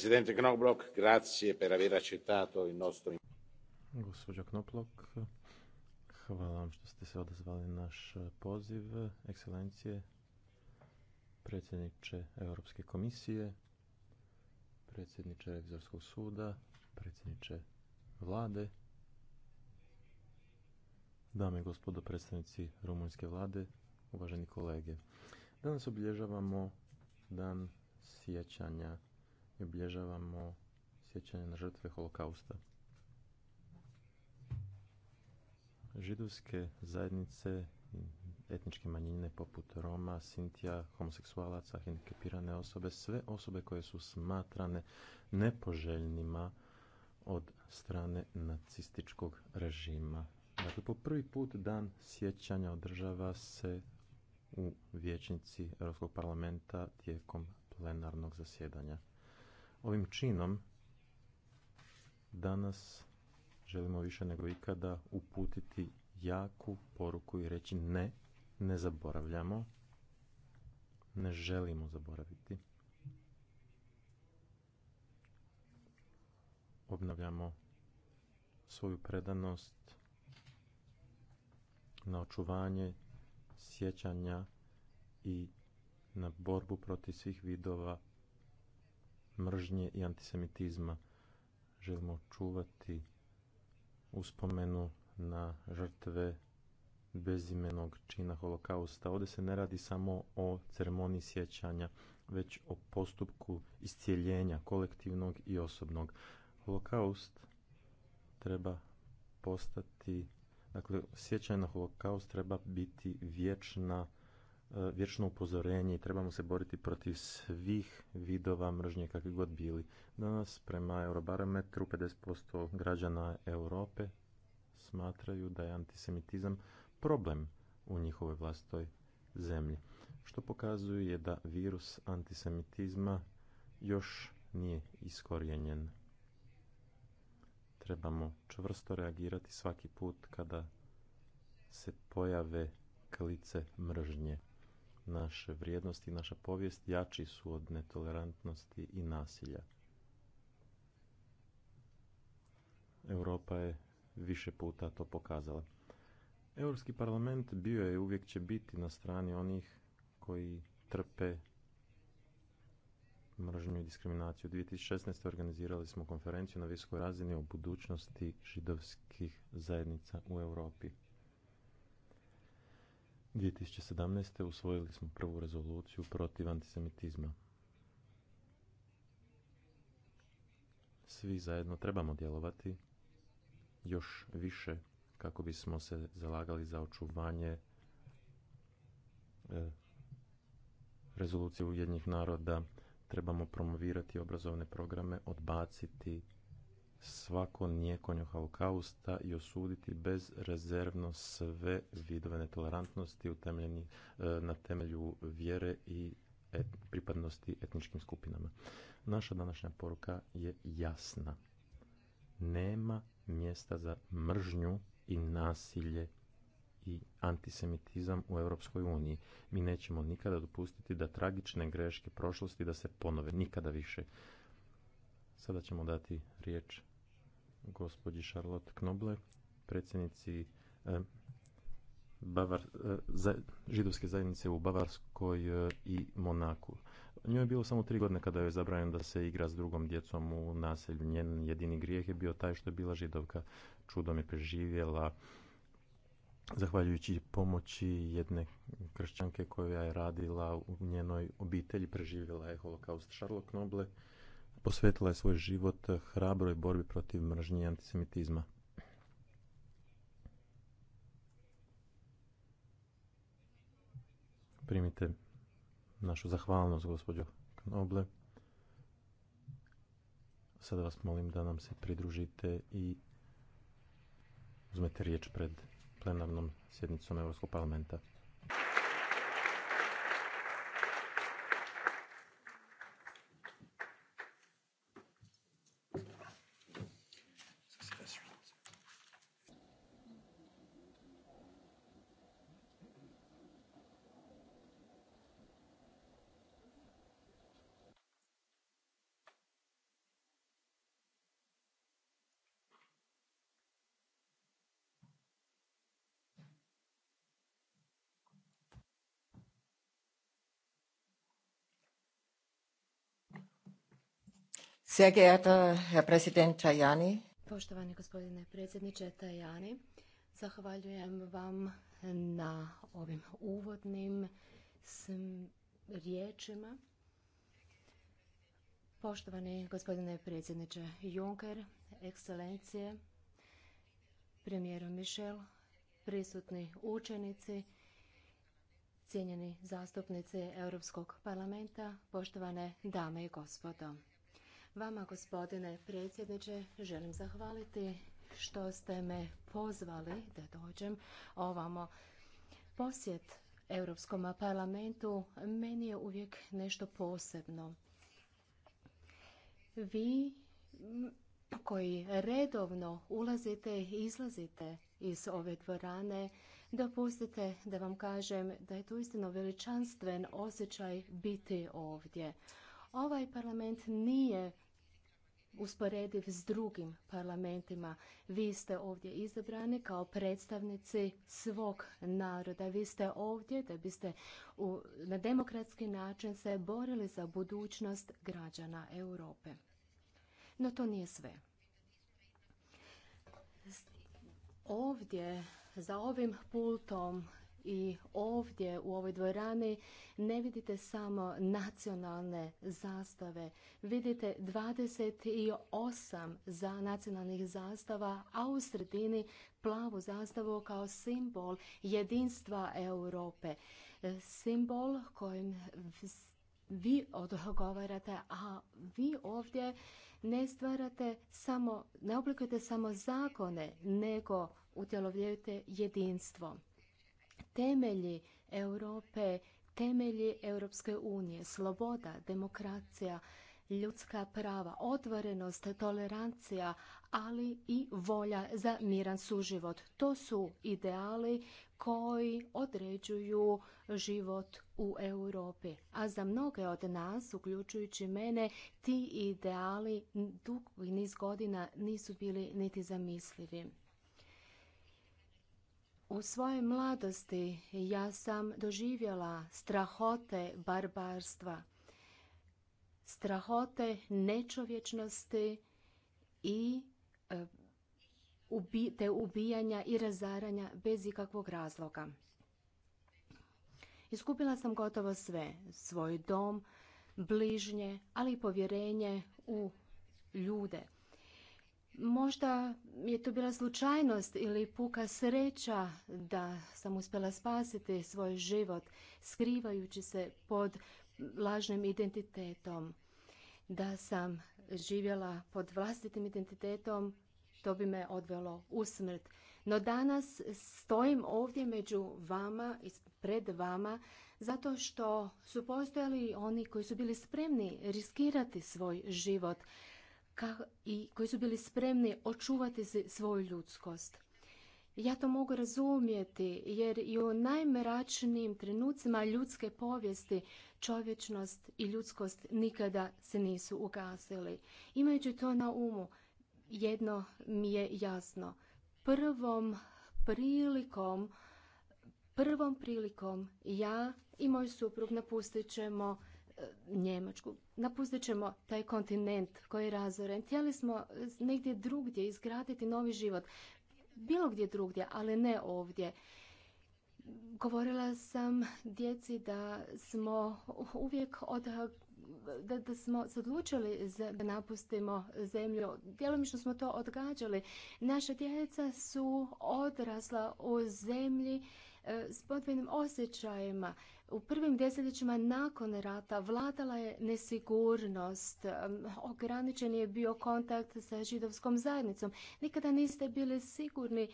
Presidente Knoblok, grazie per aver accettato il nostro... Knoblok, hvala vam što ste se odazvali naš poziv. Ekscelencije, predsjedniče Europske komisije, predsjedniče Revizorskog suda, predsjedniče vlade, dame i gospodo predstavnici rumunjske vlade, uvaženi kolege. Danas obilježavamo dan sjećanja i obilježavamo sjećanje na žrtve holokausta. Židovske zajednice, etničke manjine poput Roma, Sintija, homoseksualaca, hendikepirane osobe, sve osobe koje su smatrane nepoželjnima od strane nacističkog režima. Dakle, po prvi put dan sjećanja održava se u vijećnici Europskog parlamenta tijekom plenarnog zasjedanja. Ovim činom danas želimo više nego ikada uputiti jaku poruku i reći ne, ne zaboravljamo, ne želimo zaboraviti. Obnavljamo svoju predanost na očuvanje sjećanja i na borbu protiv svih vidova mržnje i antisemitizma. Želimo čuvati uspomenu na žrtve bezimenog čina holokausta. Ovdje se ne radi samo o ceremoniji sjećanja, već o postupku iscijeljenja kolektivnog i osobnog. Holokaust treba postati, dakle, sjećanje na holokaust treba biti vječna vječno upozorenje i trebamo se boriti protiv svih vidova mržnje kakvi god bili. Danas prema Eurobarometru 50% građana Europe smatraju da je antisemitizam problem u njihovoj vlastoj zemlji. Što pokazuje da virus antisemitizma još nije iskorjenjen. Trebamo čvrsto reagirati svaki put kada se pojave klice mržnje naše vrijednosti i naša povijest jači su od netolerantnosti i nasilja. Europa je više puta to pokazala. Europski parlament bio je i uvijek će biti na strani onih koji trpe mržnju i diskriminaciju. U 2016. organizirali smo konferenciju na visokoj razini o budućnosti židovskih zajednica u Europi. 2017. usvojili smo prvu rezoluciju protiv antisemitizma. Svi zajedno trebamo djelovati još više kako bismo se zalagali za očuvanje e, rezolucije Ujedinjenih naroda trebamo promovirati obrazovne programe, odbaciti svako nijekanje holokausta i osuditi bezrezervno sve vidove netolerantnosti utemeljeni e, na temelju vjere i pripadnosti etničkim skupinama. Naša današnja poruka je jasna. Nema mjesta za mržnju i nasilje i antisemitizam u Europskoj uniji. Mi nećemo nikada dopustiti da tragične greške prošlosti da se ponove nikada više. Sada ćemo dati riječ gospođi Charlotte Knoble, predsjednici eh, eh, židovske zajednice u Bavarskoj eh, i Monaku. Njoj je bilo samo tri godine kada je zabranjeno da se igra s drugom djecom u naselju. Njen jedini grijeh je bio taj što je bila židovka. Čudom je preživjela zahvaljujući pomoći jedne kršćanke koja je radila u njenoj obitelji, preživjela je holokaust Charlotte Knoble posvetila je svoj život hrabroj borbi protiv mržnje i antisemitizma. Primite našu zahvalnost, gospođo Knoble. Sada vas molim da nam se pridružite i uzmete riječ pred plenarnom sjednicom Europskog parlamenta. Sehr geehrter Poštovani gospodine predsjedniče Tajani, zahvaljujem vam na ovim uvodnim riječima. Poštovani gospodine predsjedniče Juncker, ekscelencije, premijeru Michel, prisutni učenici, cijenjeni zastupnici Europskog parlamenta, poštovane dame i gospodo. Vama, gospodine predsjedniče, želim zahvaliti što ste me pozvali da dođem ovamo. Posjet Europskom parlamentu meni je uvijek nešto posebno. Vi koji redovno ulazite i izlazite iz ove dvorane, dopustite da vam kažem da je to istino veličanstven osjećaj biti ovdje. Ovaj parlament nije usporediv s drugim parlamentima. Vi ste ovdje izabrani kao predstavnici svog naroda. Vi ste ovdje da biste u, na demokratski način se borili za budućnost građana Europe. No to nije sve. Ovdje za ovim pultom i ovdje u ovoj dvorani ne vidite samo nacionalne zastave, vidite 28 za nacionalnih zastava, a u sredini plavu zastavu kao simbol jedinstva Europe. E, simbol kojim vi odgovarate, a vi ovdje ne stvarate samo, ne oblikujete samo zakone, nego utjelovljujete jedinstvo temelji Europe, temelji Europske unije, sloboda, demokracija, ljudska prava, otvorenost, tolerancija, ali i volja za miran suživot. To su ideali koji određuju život u Europi. A za mnoge od nas, uključujući mene, ti ideali dugi niz godina nisu bili niti zamislivi. U svojoj mladosti ja sam doživjela strahote barbarstva, strahote nečovječnosti i e, te ubijanja i razaranja bez ikakvog razloga. Iskupila sam gotovo sve, svoj dom, bližnje, ali i povjerenje u ljude. Možda je to bila slučajnost ili puka sreća da sam uspjela spasiti svoj život skrivajući se pod lažnim identitetom. Da sam živjela pod vlastitim identitetom, to bi me odvelo u smrt. No danas stojim ovdje među vama i pred vama zato što su postojali oni koji su bili spremni riskirati svoj život koji su bili spremni očuvati svoju ljudskost. Ja to mogu razumjeti jer i u najmračnijim trenucima ljudske povijesti čovječnost i ljudskost nikada se nisu ugasili. Imajući to na umu, jedno mi je jasno. Prvom prilikom, prvom prilikom ja i moj suprug napustit ćemo Njemačku. Napustit ćemo taj kontinent koji je razoren. Htjeli smo negdje drugdje izgraditi novi život. Bilo gdje drugdje, ali ne ovdje. Govorila sam djeci da smo uvijek od da, smo se odlučili da napustimo zemlju. Djelomično smo to odgađali. Naša djeca su odrasla u zemlji E, s osjećajima. U prvim desetljećima nakon rata vladala je nesigurnost, e, ograničen je bio kontakt sa židovskom zajednicom. Nikada niste bili sigurni,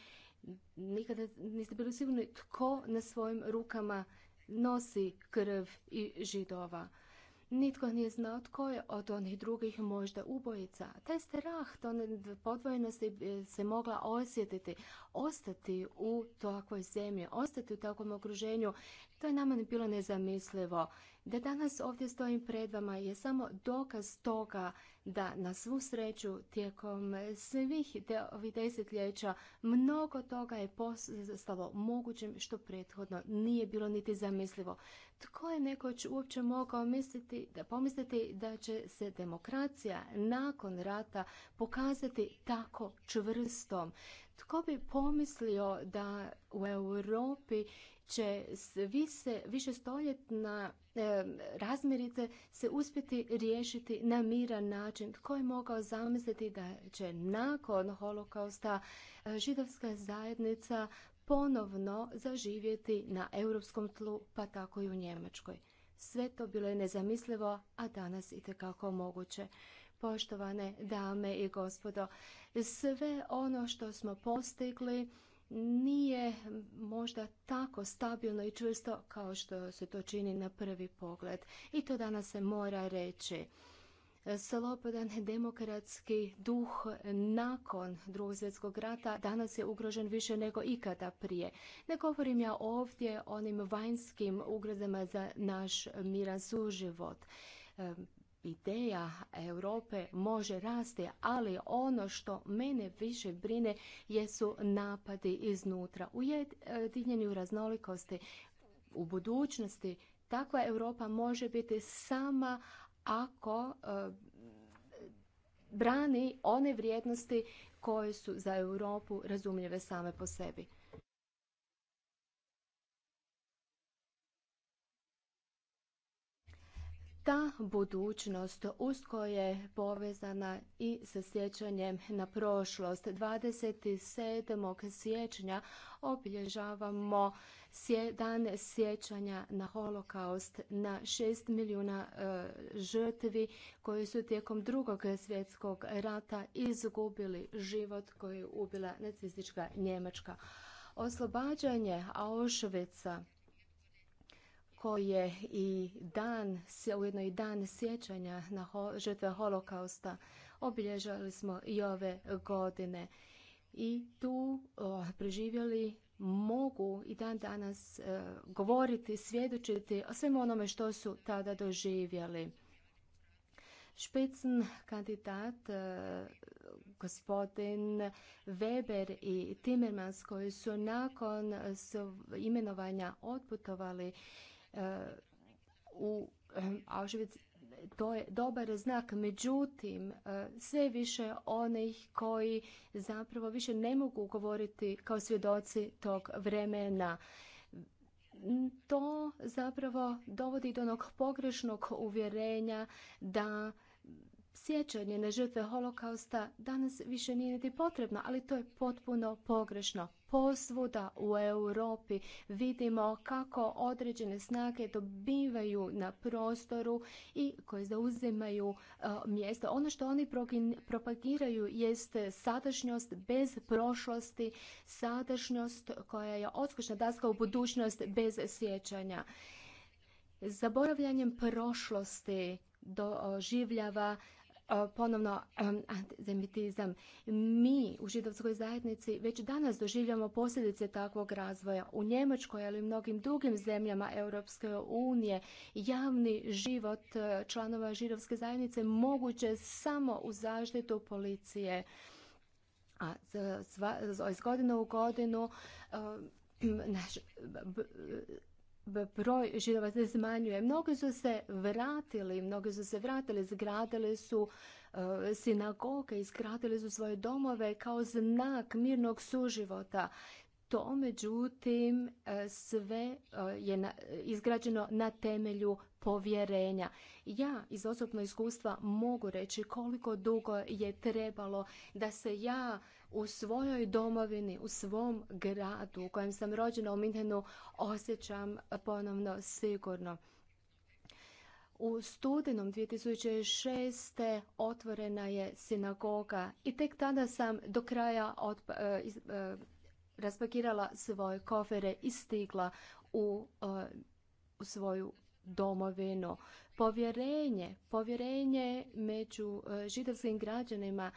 nikada niste bili sigurni tko na svojim rukama nosi krv i židova. Nitko nije znao tko je od onih drugih možda ubojica. Taj strah, to podvojenosti e, se mogla osjetiti. Ostati u takvoj zemlji, ostati u takvom okruženju, to je nama bilo nezamislivo. Da danas ovdje stojim pred vama je samo dokaz toga da na svu sreću tijekom svih ovih desetljeća mnogo toga je postalo mogućim što prethodno nije bilo niti zamislivo. Tko je nekoć uopće mogao misliti, da pomisliti da će se demokracija nakon rata pokazati tako čvrstom? Tko bi pomislio da u Europi će se više stoljetna e, razmirice se uspjeti riješiti na miran način. Tko je mogao zamisliti da će nakon holokausta e, židovska zajednica ponovno zaživjeti na europskom tlu, pa tako i u Njemačkoj. Sve to bilo je nezamislivo, a danas i tekako moguće. Poštovane dame i gospodo, sve ono što smo postigli, nije možda tako stabilno i čvrsto kao što se to čini na prvi pogled. I to danas se mora reći. Slobodan demokratski duh nakon drugog svjetskog rata danas je ugrožen više nego ikada prije. Ne govorim ja ovdje o onim vanjskim ugrozama za naš miran suživot ideja Europe može rasti, ali ono što mene više brine jesu napadi iznutra. u raznolikosti u budućnosti takva Europa može biti sama ako e, brani one vrijednosti koje su za Europu razumljive same po sebi. ta budućnost usko je povezana i sa sjećanjem na prošlost. 27. siječnja obilježavamo dan sjećanja na holokaust na 6 milijuna e, žrtvi koji su tijekom drugog svjetskog rata izgubili život koji je ubila nacistička Njemačka. Oslobađanje Auschwitza tako je i dan, ujedno i dan sjećanja na žrtve holokausta. Obilježali smo i ove godine. I tu preživjeli mogu i dan danas e, govoriti, svjedočiti o svemu onome što su tada doživjeli. Špicn kandidat e, gospodin Weber i Timmermans koji su nakon imenovanja otputovali u eh, Auschwitz to je dobar znak, međutim eh, sve više onih koji zapravo više ne mogu govoriti kao svjedoci tog vremena. To zapravo dovodi do onog pogrešnog uvjerenja da sjećanje na žrtve holokausta danas više nije niti potrebno, ali to je potpuno pogrešno. Posvuda u Europi vidimo kako određene snage dobivaju na prostoru i koje zauzimaju e, mjesto. Ono što oni propagiraju jest sadašnjost bez prošlosti, sadašnjost koja je odskočna daska u budućnost bez sjećanja. Zaboravljanjem prošlosti doživljava E, ponovno antizemitizam. Mi u židovskoj zajednici već danas doživljamo posljedice takvog razvoja. U Njemačkoj, ali i mnogim drugim zemljama Europske unije, javni život e, članova židovske zajednice moguće samo u zaštitu policije. A iz godine u godinu naš broj židova se zmanjuje. Mnogi su se vratili, mnogi su se vratili, zgradili su e, sinagoge, izgradili su svoje domove kao znak mirnog suživota. To, međutim, e, sve e, je izgrađeno na temelju povjerenja. Ja iz osobnog iskustva mogu reći koliko dugo je trebalo da se ja u svojoj domovini, u svom gradu u kojem sam rođena u Minhenu osjećam ponovno sigurno. U studenom 2006. otvorena je sinagoga i tek tada sam do kraja e, e, raspakirala svoje kofere i stigla e, u, svoju domovinu. Povjerenje, povjerenje među židovskim građanima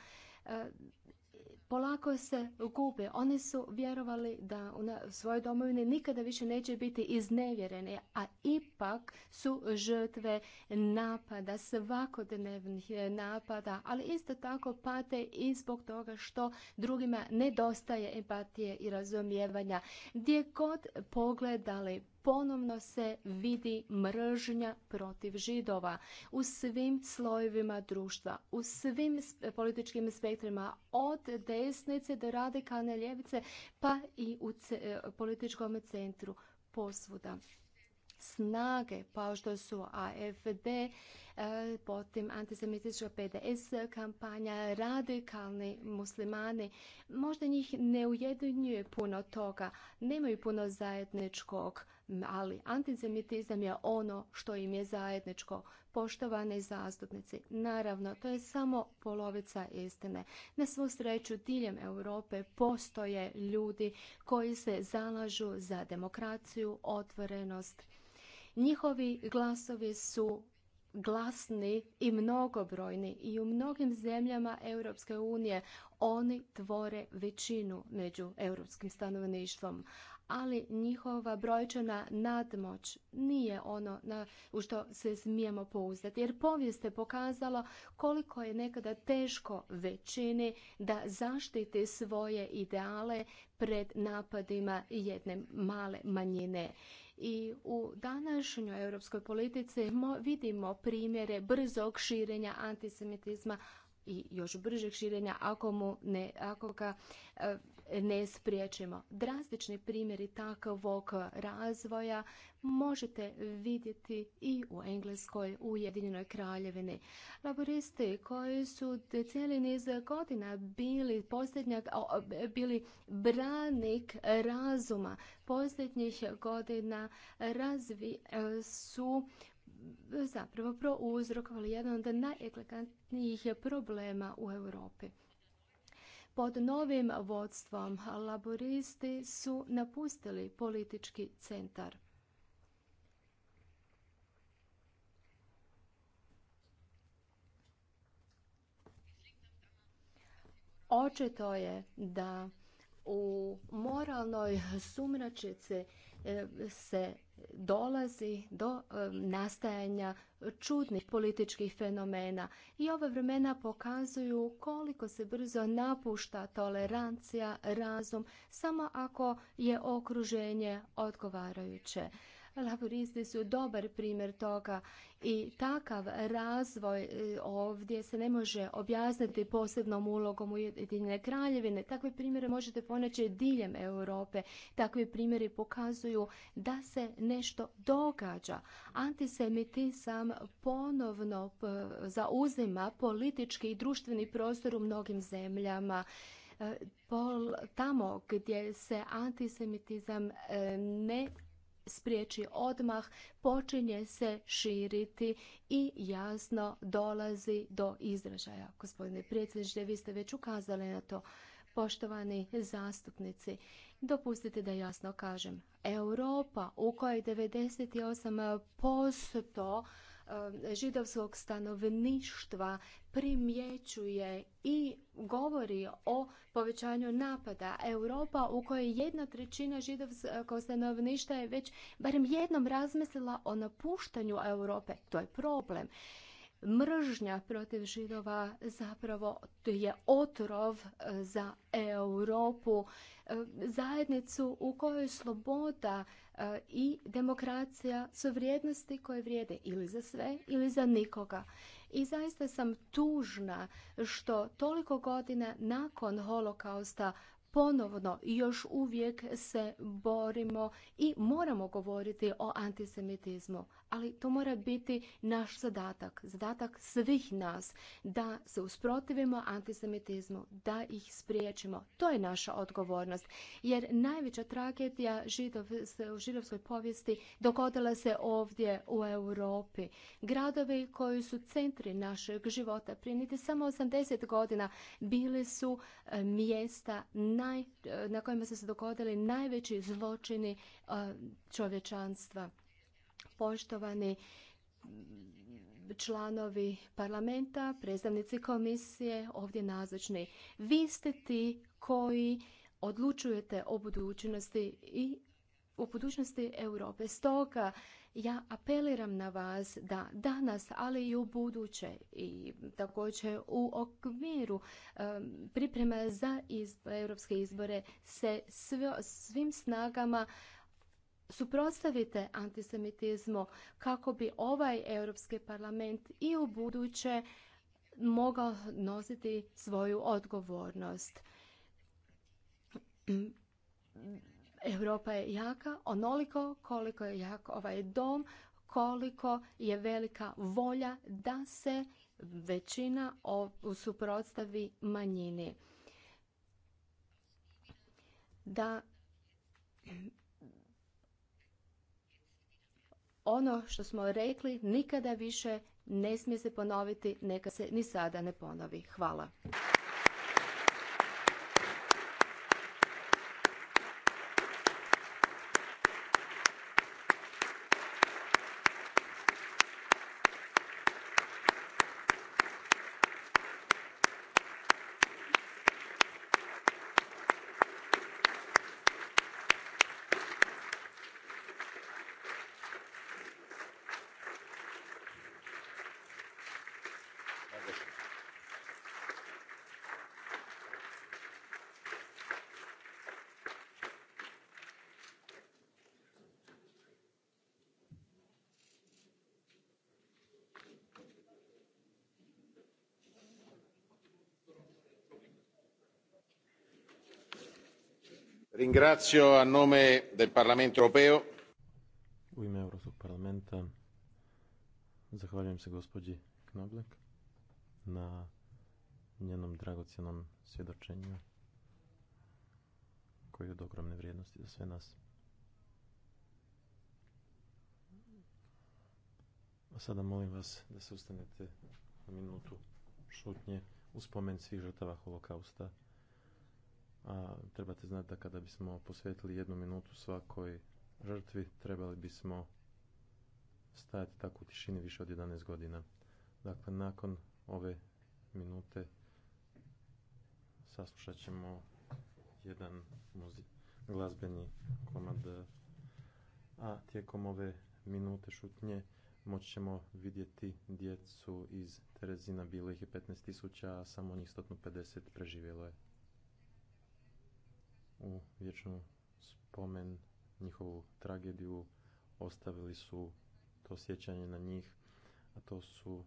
polako se gube. Oni su vjerovali da u svojoj domovini nikada više neće biti iznevjereni, a ipak su žrtve napada, svakodnevnih napada, ali isto tako pate i zbog toga što drugima nedostaje empatije i razumijevanja. Gdje god pogledali ponovno se vidi mržnja protiv židova u svim slojevima društva, u svim političkim spektrima od desnice do radikalne ljevice pa i u e, političkom centru posvuda snage kao što su AFD, e, potim antisemitička PDS kampanja, radikalni muslimani. Možda njih ne ujedinjuje puno toga, nemaju puno zajedničkog, ali antisemitizam je ono što im je zajedničko. Poštovani zastupnici, naravno, to je samo polovica istine. Na svu sreću, diljem Europe postoje ljudi koji se zalažu za demokraciju, otvorenost Njihovi glasovi su glasni i mnogobrojni i u mnogim zemljama Europske unije oni tvore većinu među europskim stanovništvom, ali njihova brojčana nadmoć nije ono na, u što se smijemo pouzdati. Jer povijest je pokazala koliko je nekada teško većini da zaštiti svoje ideale pred napadima jedne male manjine. I u današnjoj europskoj politici vidimo primjere brzog širenja antisemitizma i još bržeg širenja ako, mu ne, ako ga e, ne spriječimo. Drastični primjeri takvog razvoja možete vidjeti i u Engleskoj Ujedinjenoj kraljevini. Laboristi koji su cijeli niz godina bili posljednjak, bili branik razuma posljednjih godina razvi e, su zapravo prouzrokovali jedan od najeklatantnijih problema u Europi. Pod novim vodstvom laboristi su napustili politički centar. Očito je da u moralnoj sumračici E, se dolazi do e, nastajanja čudnih političkih fenomena i ova vremena pokazuju koliko se brzo napušta tolerancija, razum, samo ako je okruženje odgovarajuće. Laboristi su dobar primjer toga i takav razvoj e, ovdje se ne može objasniti posebnom ulogom Ujedinjene kraljevine. Takve primjere možete ponaći diljem Europe. Takvi primjeri pokazuju da se nešto događa. Antisemitizam ponovno e, zauzima politički i društveni prostor u mnogim zemljama. E, pol, tamo gdje se antisemitizam ne spriječi odmah, počinje se širiti i jasno dolazi do izražaja. Gospodine predsjedniče, vi ste već ukazali na to. Poštovani zastupnici, dopustite da jasno kažem. Europa u kojoj 98% Eh, židovskog stanovništva primjećuje i govori o povećanju napada. Europa u kojoj jedna trećina židovskog stanovništva je već barem jednom razmislila o napuštanju Europe. To je problem mržnja protiv židova zapravo je otrov e, za Europu, e, zajednicu u kojoj sloboda e, i demokracija su vrijednosti koje vrijede ili za sve ili za nikoga. I zaista sam tužna što toliko godina nakon holokausta ponovno i još uvijek se borimo i moramo govoriti o antisemitizmu ali to mora biti naš zadatak, zadatak svih nas da se usprotivimo antisemitizmu, da ih spriječimo. To je naša odgovornost. Jer najveća tragedija židov, u židovskoj povijesti dogodila se ovdje u Europi. Gradovi koji su centri našeg života prije niti samo 80 godina bili su e, mjesta naj, e, na kojima su se dogodili najveći zločini e, čovječanstva poštovani članovi parlamenta, predstavnici komisije, ovdje nazočni. Vi ste ti koji odlučujete o budućnosti i o budućnosti Europe. Stoga ja apeliram na vas da danas, ali i u buduće i također u okviru priprema za europske izbore se svim snagama suprotstavite antisemitizmu kako bi ovaj Europski parlament i u buduće mogao nositi svoju odgovornost. Europa je jaka onoliko koliko je jak ovaj dom, koliko je velika volja da se većina suprotstavi manjini. Da ono što smo rekli nikada više ne smije se ponoviti, neka se ni sada ne ponovi. Hvala. Ringrazio a nome del Parlamento europeo. U ime Europskog parlamenta zahvaljujem se gospođi Knoblek na njenom dragocjenom svjedočenju koji je od ogromne vrijednosti za sve nas. A sada molim vas da se ustanete na minutu šutnje u spomen svih žrtava holokausta a trebate znati da kada bismo posvetili jednu minutu svakoj žrtvi, trebali bismo stajati tako u tišini više od 11 godina. Dakle, nakon ove minute saslušat ćemo jedan glazbeni komad, a tijekom ove minute šutnje moći ćemo vidjeti djecu iz Terezina, bilo ih je 15.000, a samo njih 150 preživjelo je u vječnu spomen njihovu tragediju ostavili su to sjećanje na njih a to su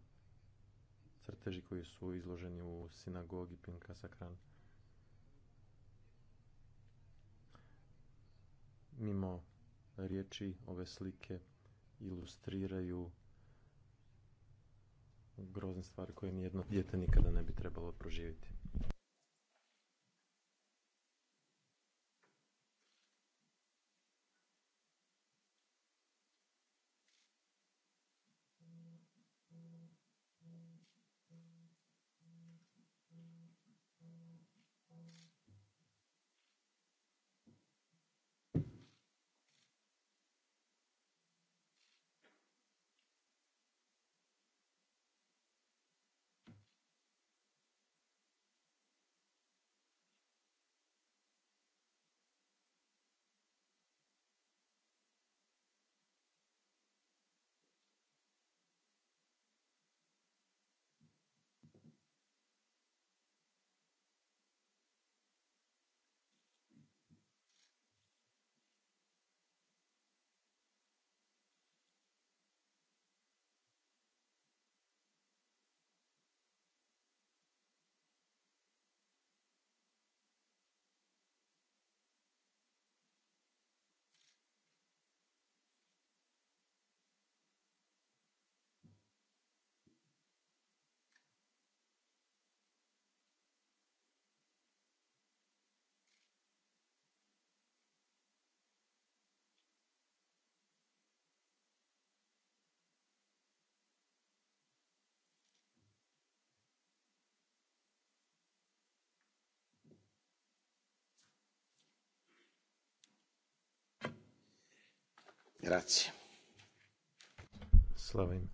crteži koji su izloženi u sinagogi Pinka Sakran. Mimo riječi ove slike ilustriraju grozne stvari koje nijedno dijete nikada ne bi trebalo proživjeti. Hvala Grazie. Slavim.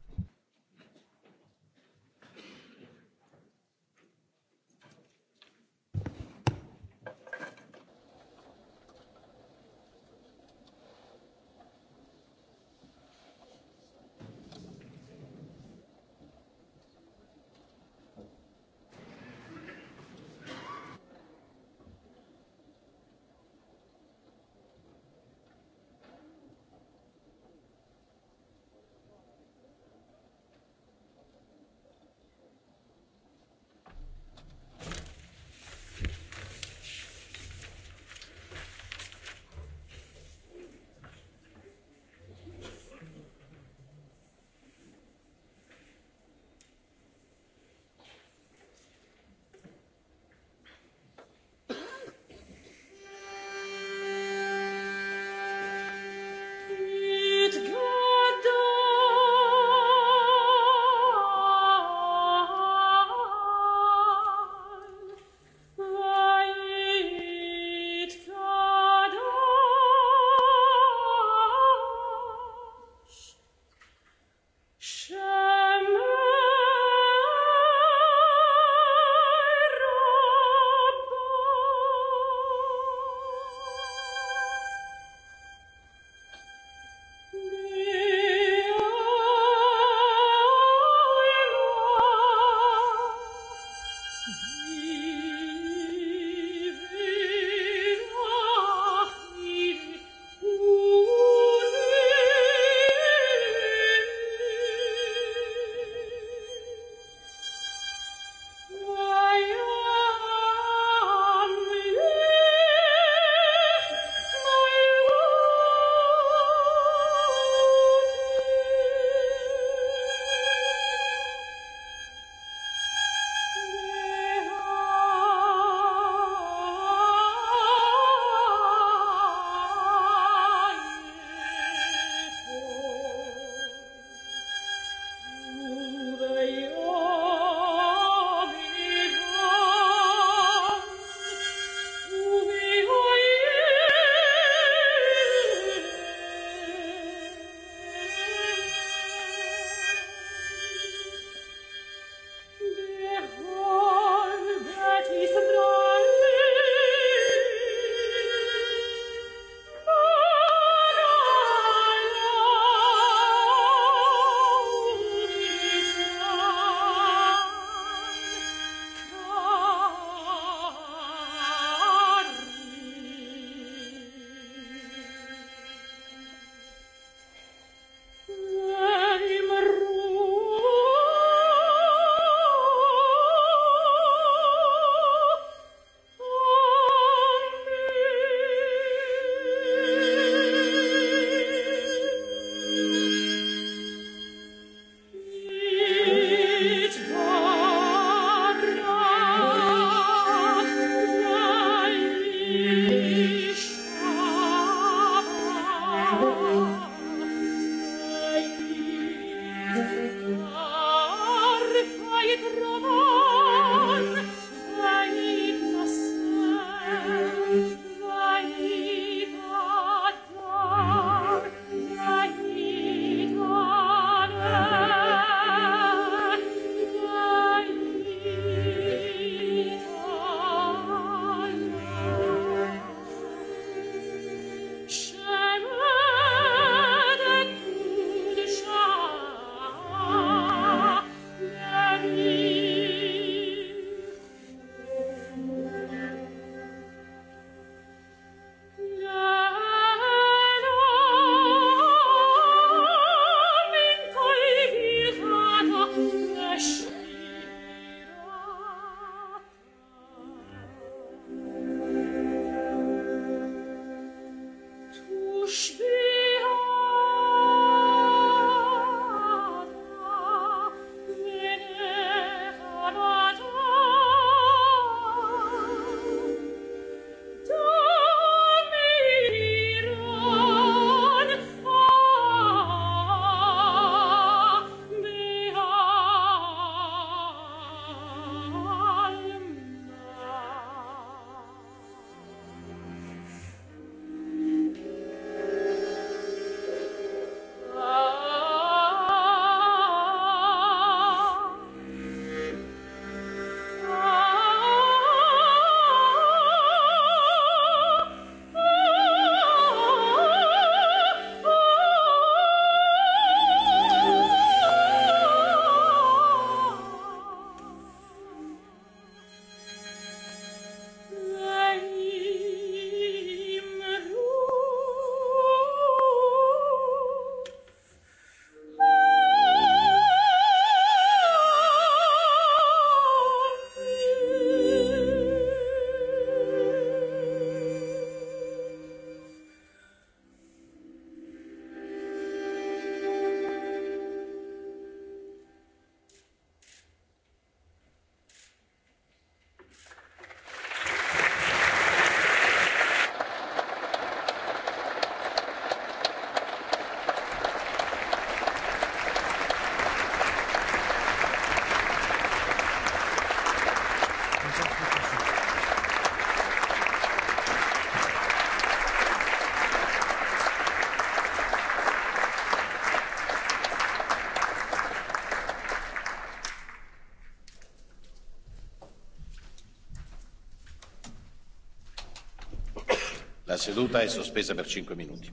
La seduta è sospesa per 5 minuti.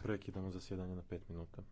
Prekidamo zasjedanje na 5 minuta.